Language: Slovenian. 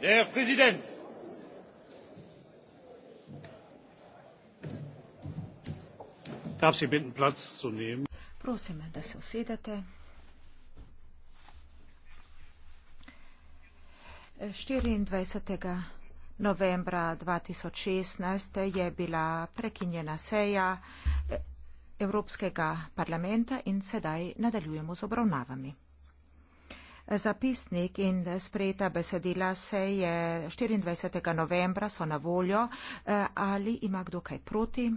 herr präsident darf ich sie bitten platz zu nehmen? prosim da se usedete. štiriindvajset novembra dva tisoč šestnajst je bila prekinjena seja eh, evropskega parlamenta in sedaj nadaljujemo z obravnavami. Zapisnik in sprejeta besedila se je 24. novembra so na voljo. Eh, ali ima kdo kaj proti?